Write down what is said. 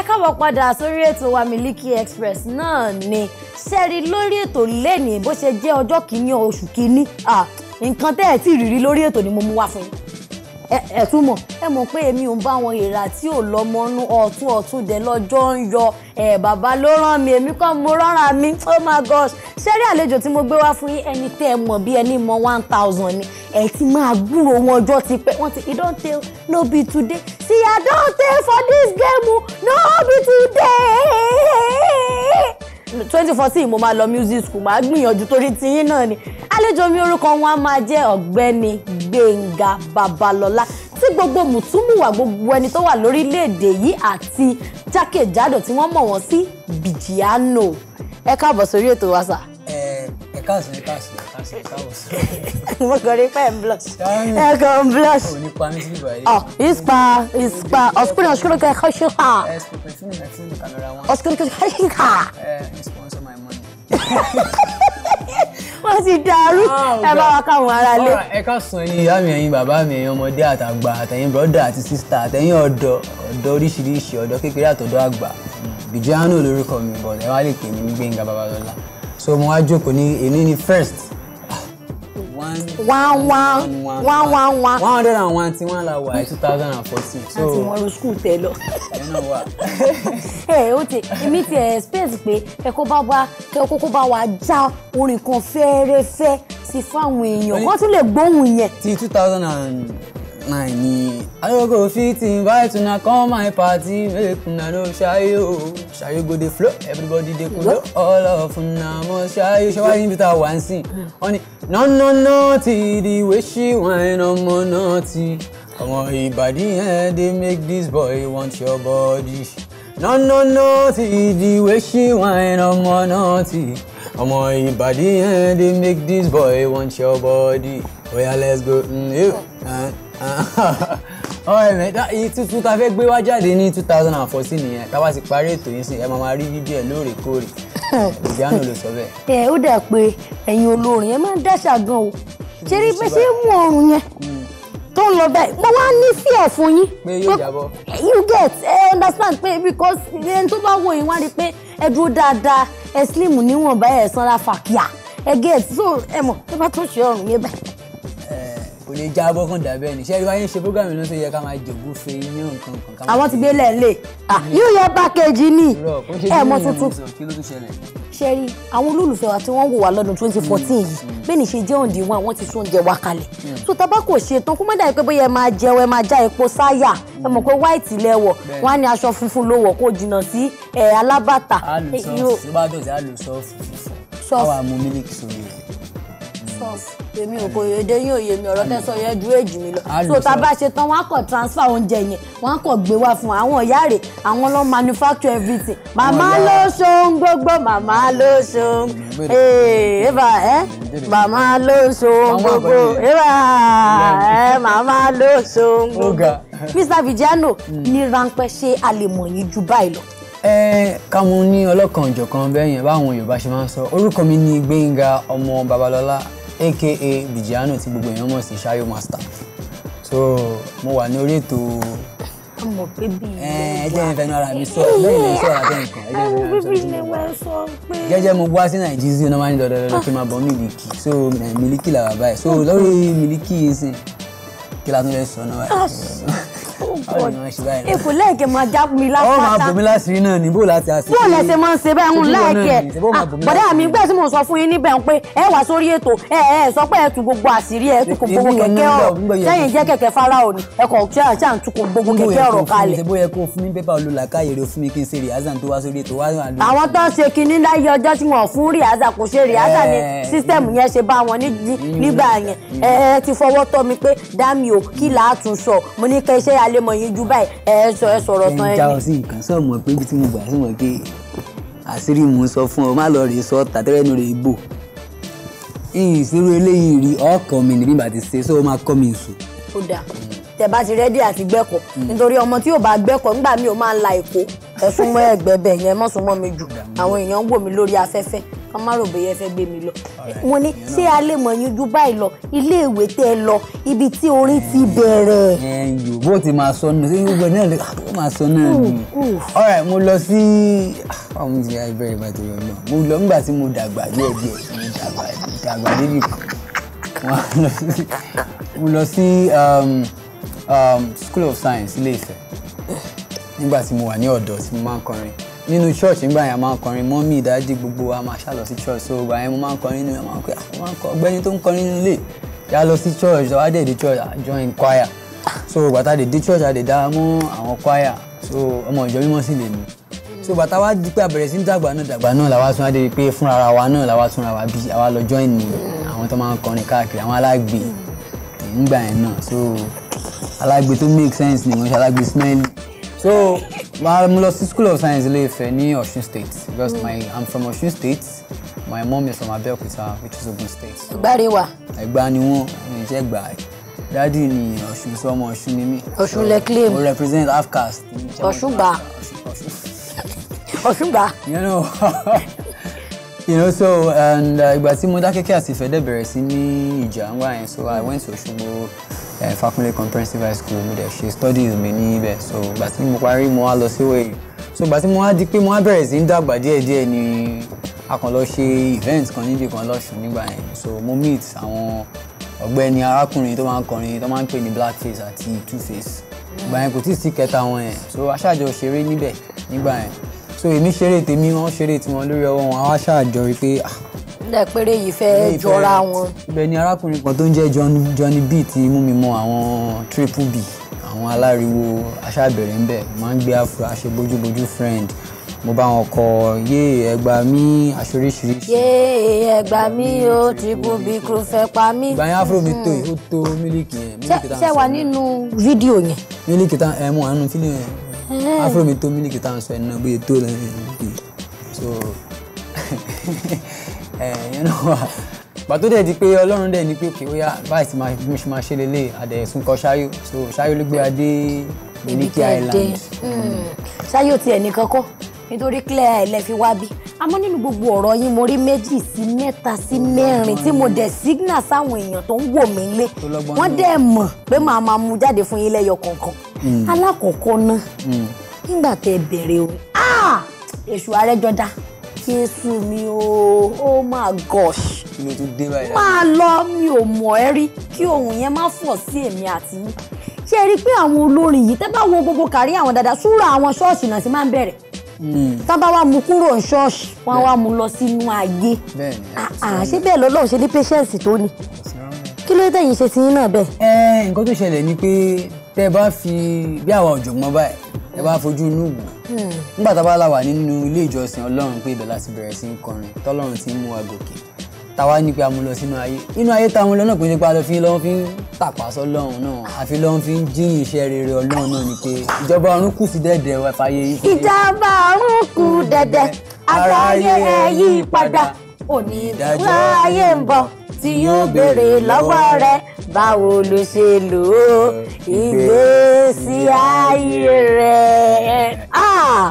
ẹ káàbọ̀ padà sórí ètò wa Miliki Express náà ni ṣẹ́ẹ̀rí lórí ètò lẹ́nìí bó ṣe jẹ́ ọjọ́ kìíní oṣù kìíní nǹkan tẹ́ ẹ̀ tí rírí lórí ètò ni mo mú wá fún yín ẹ túmọ̀ ẹ mọ̀ pé èmi ò ń bá wọn ìrà tí ò lọ́mọnú ọ̀tún ọ̀tún dẹ̀ lọ́jọ́ ń yọ ẹ bàbá ló rán mi èmi kọ́ mo rọ́ra mi oh my gosh ṣẹ́rí àlejò tí mo gbé wá fún yín ẹni tẹ́ ẹ mọ̀ bí ẹni mọ̀ one thousand ni ẹ ti máa gbúrò wọn ọjọ́ ti pẹ́ wọ́n ti e don tell no be today see i don tell for this game oh. no be today twenty fourteen mo máa lọ music school máa gbìyànjú torí tiyín náà ni àlejò mi orúkọ wọn a máa jẹ́ ọ̀gbẹ́ni Gbẹ́ngà Babalọlá tí gbogbo mùtúmùwà gbogbo ẹni tó wà lórílẹ̀-èdè yìí àti jákèjádò tí wọ́n mọ̀ wọ́n sí bìjìánò ẹ káàbọ̀ sórí ètò wa sà káàsì ní káàsì káàsì káwọ sí. mo kàn rí pẹ́ ń blọ ẹ kàn ń blọ. o ní pa mí sí ìbàyè. ọ ìspa ìspa ọ̀sùnkúrò ọ̀sùnkúrò kẹ ẹ ṣe ká. ẹ ṣùpẹ̀ fún ṣe ká. sponsor my money. wọ́n ti dàrú ẹ bá wa káwọn ará lé. ẹ ká sùn ẹ̀yin ìyá mi ẹ̀yin bàbá mi ẹ̀yin ọmọdé àtàgbà àtẹ̀yin brọ́dà àti sísítà àtẹ̀yin ọ̀dọ́ ọ̀dọ́ oríṣiríṣi ọ̀dọ́ kékeré àtọ̀dọ́ àgbà bìjẹ́ àánú lórúkọ mi bọ̀ ẹ wá lè pè mí Gbénga Babalọ́lá so mo wá jókòó ní èmi ní first. one one one one one one hundred and one tí wọ́n la wà two thousand and fourteen. láti wọn lọ skul tẹ lọ. ẹ ẹ o tẹ èmi ti expect pé kẹkọọ bá wa kẹkọọ kó bá wa já orin kan fẹ́ẹ́rẹ́fẹ́ sí fáwọn èèyàn wọ́n tún lè gbóhùn yẹn. ti two thousand and. Nine. I go fit invite una come my party make una no shy o. go dey flow, everybody dey kolo, all of una mo shayo. Ṣé wàá níbi tá a wà ń sìn? Wọ́n ní nọ́nà náà ti di wéṣí wine ọmọ náà ti. Ọmọ Ìbàdí yẹn dey make this boy want your body. Nọ́nà náà ti di wéṣí wine ọmọ náà ti ọmọ ìbàdí yẹn dey make this boy want your body oya oh, let's go. ọ̀rẹ́ mi tuntun ta fẹ́ gbé wá jáde ní two thousand and fourteen nìyẹn tá a bá ti parí ètò yìí sí ẹ máa máa rí fídíò ẹ lóòrèkóòrè ìjánu ló sọ bẹ́ẹ̀. ẹ ó dà pé ẹ̀yin olórin ẹ máa ń dáṣà gan o ṣe rí bẹ́ẹ̀ ṣe mú ọrùn yẹn mm. tó ń lọ bẹ́ẹ̀ mo wá ní fíẹ̀ fún yín. pé yóò jábọ́. you get ẹ understand pé because ẹni tó bá wò yín wá rí i pé ẹ dúró dáadáa ẹ slim níwọ̀nba ẹ̀ sanra fàkíà ẹ gẹ́ẹ̀tì so ẹ mọ̀ ẹ bá tó ṣe ọrùn mi báyìí kò lè já bọ́ kàn dàbẹ́ ni ṣé ìwà yín ṣe fúgàmì náà tó yẹ ká máa jògún fe yín nǹkan kan. àwọn ti gbélé ẹ̀ lè ah, yóò yẹ pákéjì ní ẹ̀mọ tuntun ṣẹ́rí àwọn olólùfẹ́ wa tí wọ́n wò wá lọ́dún twenty fourteen yìí mm, mm. bẹ́ẹ̀ ni ṣe jẹ́ òǹdí wọn àwọn ti sún oúnjẹ wa kalẹ̀ tó mm. tá bá kò ṣe tán kó má dàbí pé bóyá ẹ máa jẹun ẹ máa já epo sáyà ẹ mọ̀ pé white lẹ wọ̀ wọ́n á ní aṣọ funfun ló wọ̀ kó jìnnà sí ẹ̀ alábàtà. alùsọ́ọ̀fù tó bá dọ̀tí alùsọ́ọ̀fù fífọ́ àwọn amú mílíkì sórí rẹ̀. sọ́ọ̀fù èmi ò kò yéde yín òye mi ọ̀rọ̀ tẹ́sán yẹn ju èjì mi lọ so tá a bá ṣe tán wọn á transfer oúnjẹ yẹn wọn á gbé wá fún àwọn ìyá rẹ̀ àwọn ló manufacture everything màmá ló ṣohun gbogbo màmá ló ṣohun ẹ̀ẹ́dà ẹ̀ màmá ló ṣohun gbogbo ẹ̀ẹ́dà ẹ̀ màmá ló ṣohun gbogbo Mr. Vigiano hmm. ní ráńpẹ́ ṣé a lè mọ̀ yín ju báyìí lọ ẹ ká mo ní ọlọ́kan òjọ̀kan bẹ́ẹ̀ yẹn báwọn Yorùbá ṣe máa ń sọ orúkọ mi ni Gbénga ọmọ Babalọ́lá aka Bijano tí gbogbo èèyàn mọ̀ sí Ṣayọ̀ Master so mo wà ní orí ètò mọ̀ pé bí ilé wa ẹ jẹ́ ìfẹ́nu ara mi sọ lẹ́yìn lẹ́yìn sọ̀rọ̀ àti nǹkan ẹ jẹ́ ìfẹ́nu ara mi sọ lẹ́yìn lẹ́yìn sọ pé. gẹ́gẹ́ mo wá sí nàìjíríà náà máa ń dọ̀dọ̀ kí n máa bọ̀ mílíkì so mílíkì làwà báyìí so lórí mílíkì yìí sìn kí la tún lè sọ náà báyìí èkó lẹ́ẹ̀kẹ́ máa já mi lápáta. ó máa bòmí láṣìírí náà ní bó láti àṣírí. bó lẹsẹ̀ máa ń ṣe bẹ́ẹ̀ ń lẹ́ẹ̀kẹ́ ah, bọ̀dá mi gbẹ́ tí mo sọ fún yín níbẹ̀ ń pé ẹ wá sórí ètò ẹ ẹ sọ pé ẹ tún gbogbo àṣírí ẹ tún gbogbo kẹ̀kẹ́ ọ̀rọ̀ sẹ́yìn jẹ́ kẹ̀kẹ́ fáráò ni ẹ kọ̀ ṣáà ṣáà tún kò gbogbo kẹ̀kẹ́ ọ̀rọ̀ kalẹ̀. ṣe bó yẹ kó fún yín jù báyìí ẹ sọ ẹ sọ̀rọ̀ tán ẹ ní. ẹ ń já ọ sí nǹkan sọ mọ pé ibi tí mo gbà sí wọn pé àṣírí mò ń sọ fún ọ má lọ rè sọ tàtẹ́rẹ́nu rè bò ìṣòro eléyìí rí ọkọ mi níbí bá ti ṣe sọ ma kọ́ mi sùn. ó dáa tẹ bá ti rẹ́dí àti gbẹ́kọ̀ mm. nítorí ọmọ tí yóò bá gbẹ́kọ̀ nígbà míì ó máa ń la èkó ẹ̀sùn mọ́ ẹ̀gbẹ́ yẹn mọ́sùn mi jù mm. àwọn èèyàn ń wò mí lórí afẹ́fẹ́ kán má rò bóyá ẹ fẹ́ gbé mi lọ. mo ní ṣé a lè mọ̀ yín ju báyìí lọ ilé ìwé tẹ́ ẹ lọ ibi tí orin ti bẹ̀rẹ̀. bó ti máa sọ nù sí gbogbo náà lè ah, máa sọ náà nù. ọ̀rẹ́ mo lọ sí ah, ọmọ ti ya ìbẹ̀rẹ̀ ìbàdàn yọ̀ lọ mo lọ nígbà tí mo dàgbà díẹ̀ díẹ̀ mo dàgbà dàgbà débi kan mo lọ sí um, um, school of science ilé Ifẹ̀ nígbà tí mo wà ní ọ̀dọ̀ tí mo máa ń kọrin nínú church nígbà yẹn a máa ń kọrin mọ́mí ìdájí gbogbo wa máa ṣá lọ sí church so ìgbà yẹn mo máa ń kọrin nínú ẹ̀ máa ń pè àwọn máa ń kọ ọgbẹ́ni tó ń kọrin nínú ilé yà lọ sí church so adé di church join choir so bàtà dé dé church àdè dá mọ́ àwọn choir so ọmọ ìjọ mímọ́ sì lè mí so bàtà wa di pé àbẹ̀rẹ̀ sí ń dàgbà náà dàgbà náà làwa tún adé pé fúnra wa náà làwa túnra wa bí àwa lọ join ní àwọn tó máa ń kọrin káàkiri àwọn alágbe nígbà yẹn náà so alágbe tó make sense ni wọ́n ṣe alágbe smelly so mo lọ sí school of science ilé Ifẹ̀ Ocean state because mm. my i'm from Ocean state my mom is from Abẹ́òkúta which is Ogun state. ìgbàre wa. ẹ̀gbá ni wọ́n ní iṣẹ́ gbà ẹ̀ dádì ni Ọ̀ṣun sọmọ Ọ̀ṣun ni mí. Ọ̀ṣun lẹ claim. We represent half caste. Ocean ba. Ocean ba. you know. you know so and uh, ìgbà tí mo dákẹ́kẹ́ àti ìfẹ́ dẹ̀ bẹ̀rẹ̀ sí ní ìjà ń wá yẹn so i went to Òṣogbo uh, Fakunle comprehensive high school mo dẹ̀ ṣe studies mi níbẹ̀ so ìgbà tí mo parí mo wá lọ sí wẹ̀yìn so ìgbà tí mo wá di pé mo wá bẹ̀rẹ̀ sí ń dàgbà díẹ̀díẹ̀ ni a kàn lọ ṣe event kan níbi kan lọ́sùn nígbà yẹn so mo meet àwọn ọ̀gbẹ́ni arákùnrin tó máa ń kọrin tó máa ń pè ní Blackface àti Two Face ìgbà yẹn kò tí ì sí kẹta wọn yẹn so aṣáájọ ṣeré níbẹ̀ nígbà yẹn so èmi ṣeré tèmi wọn ṣeré tiwọn lórí ọwọ́ wọn àwa ṣàjọ rí pé. ilé péré yìí fẹ́ jọra wọn. ibẹ̀ ni arákùnrin kan tó ń jẹ́ Johnny B ti mú mi mọ àwọn triple B àwọn aláriwo aṣáàbẹ̀rẹ̀ ń bẹ̀ máa ń gbé afro aṣebójúbójú friend mo bá wọn kọ yéè ẹgbà mí aṣoríṣiríṣi. yéè ẹgbà mí o triple b crew fẹ́ pa mí. ìgbà yẹn afro mi tó yìí hmm. ó tó mílíkì yẹn. ṣé wà nínú fídíò yẹn. mílíkì tán ẹ mú àánú fídíò yẹn. Ah. afro mi eh, tó mílíkì tá à ń sọ ẹ̀ náà bóyá tó lẹ́yìn ìgbè so ẹ̀ yẹn náà wà gbàtó dẹ̀ di pé ọlọ́run dẹ̀ ni pé kì í wíyá báyìí ti mo ṣe máa ṣe lélẹ̀ àdẹ̀sùn kan ṣáyò so ṣáyò ló gbé adé Miliki Island. Hmm. ṣáyò tiẹ̀ nìkan kọ́ nítorí clear ilẹ̀ fi wá bí àmọ́ nínú gbogbo ọ̀rọ̀ yín mo rí méjì sí mẹ́ta sí mẹ́rin tí mo dẹ̀ signal sáwọn èèyàn tó ń wò mí lé wọ́n dẹ̀ mọ̀ pé màá máa mú jáde fún yín lẹ́yọ kọ̀ọ̀kan mm. alákọ̀ọ́kọ́ náà mm. nígbà tẹ bẹ̀rẹ̀ o ah! èṣù àrẹ́jọdá jésù mi o oh my gosh máa lọ mi ò mọ̀ ẹ́ rí kí ohun yẹn má fọ̀ sí èmi àti yín ṣé ẹ rí i pé àwọn olórin yìí tẹ́ bá wo gbogbo kárí àwọn dáadáa súra àwọn ṣọ́ọ̀ṣì náà sì máa ń bẹ̀rẹ̀ Hmm. tábà wà mú kúrò ní ṣọ́ọ̀ṣì wọ́n wá mú lọ sínú ayé ah, ah, ṣé bẹ́ẹ̀ lọ́lọ́run ṣe ní patience tó ni kí ló dé yìí ṣe ti yín náà bẹ́ẹ̀. ẹ nǹkan tó ṣẹlẹ̀ ni pé tẹ́ bá fi bí àwa ọ̀jọ̀gbọ́n báyìí ẹ bá fojú inú wò hmm. nígbà tá a bá là wà nínú ilé ìjọsìn ọlọ́run pé ibẹ̀ láti bẹ̀rẹ̀ sí í kọrin tọ́lọ́run ti ń mú wa gòkè táwa ní pé a mú lọ sínú ayé inú ayé táwọn lọ náà kò ṣe pé a lọ fi lọ́ fi ń tàpá sọ́lọ́run náà àfi lọ́ fi ń jíyìn iṣẹ́ rere ọlọ́run náà ni pé ìjọba ọ̀run kù sí dẹ̀dẹ̀ àfàyè yìí. ìjọba ọ̀run kù dẹ̀dẹ̀ àfàyè ẹ̀ yí padà òní ìdájọ́ ayé ń bọ̀ tí yóò béèrè lọ́wọ́ rẹ báwo ló ṣe lò ó ìgbésí ayé rẹ. Ah!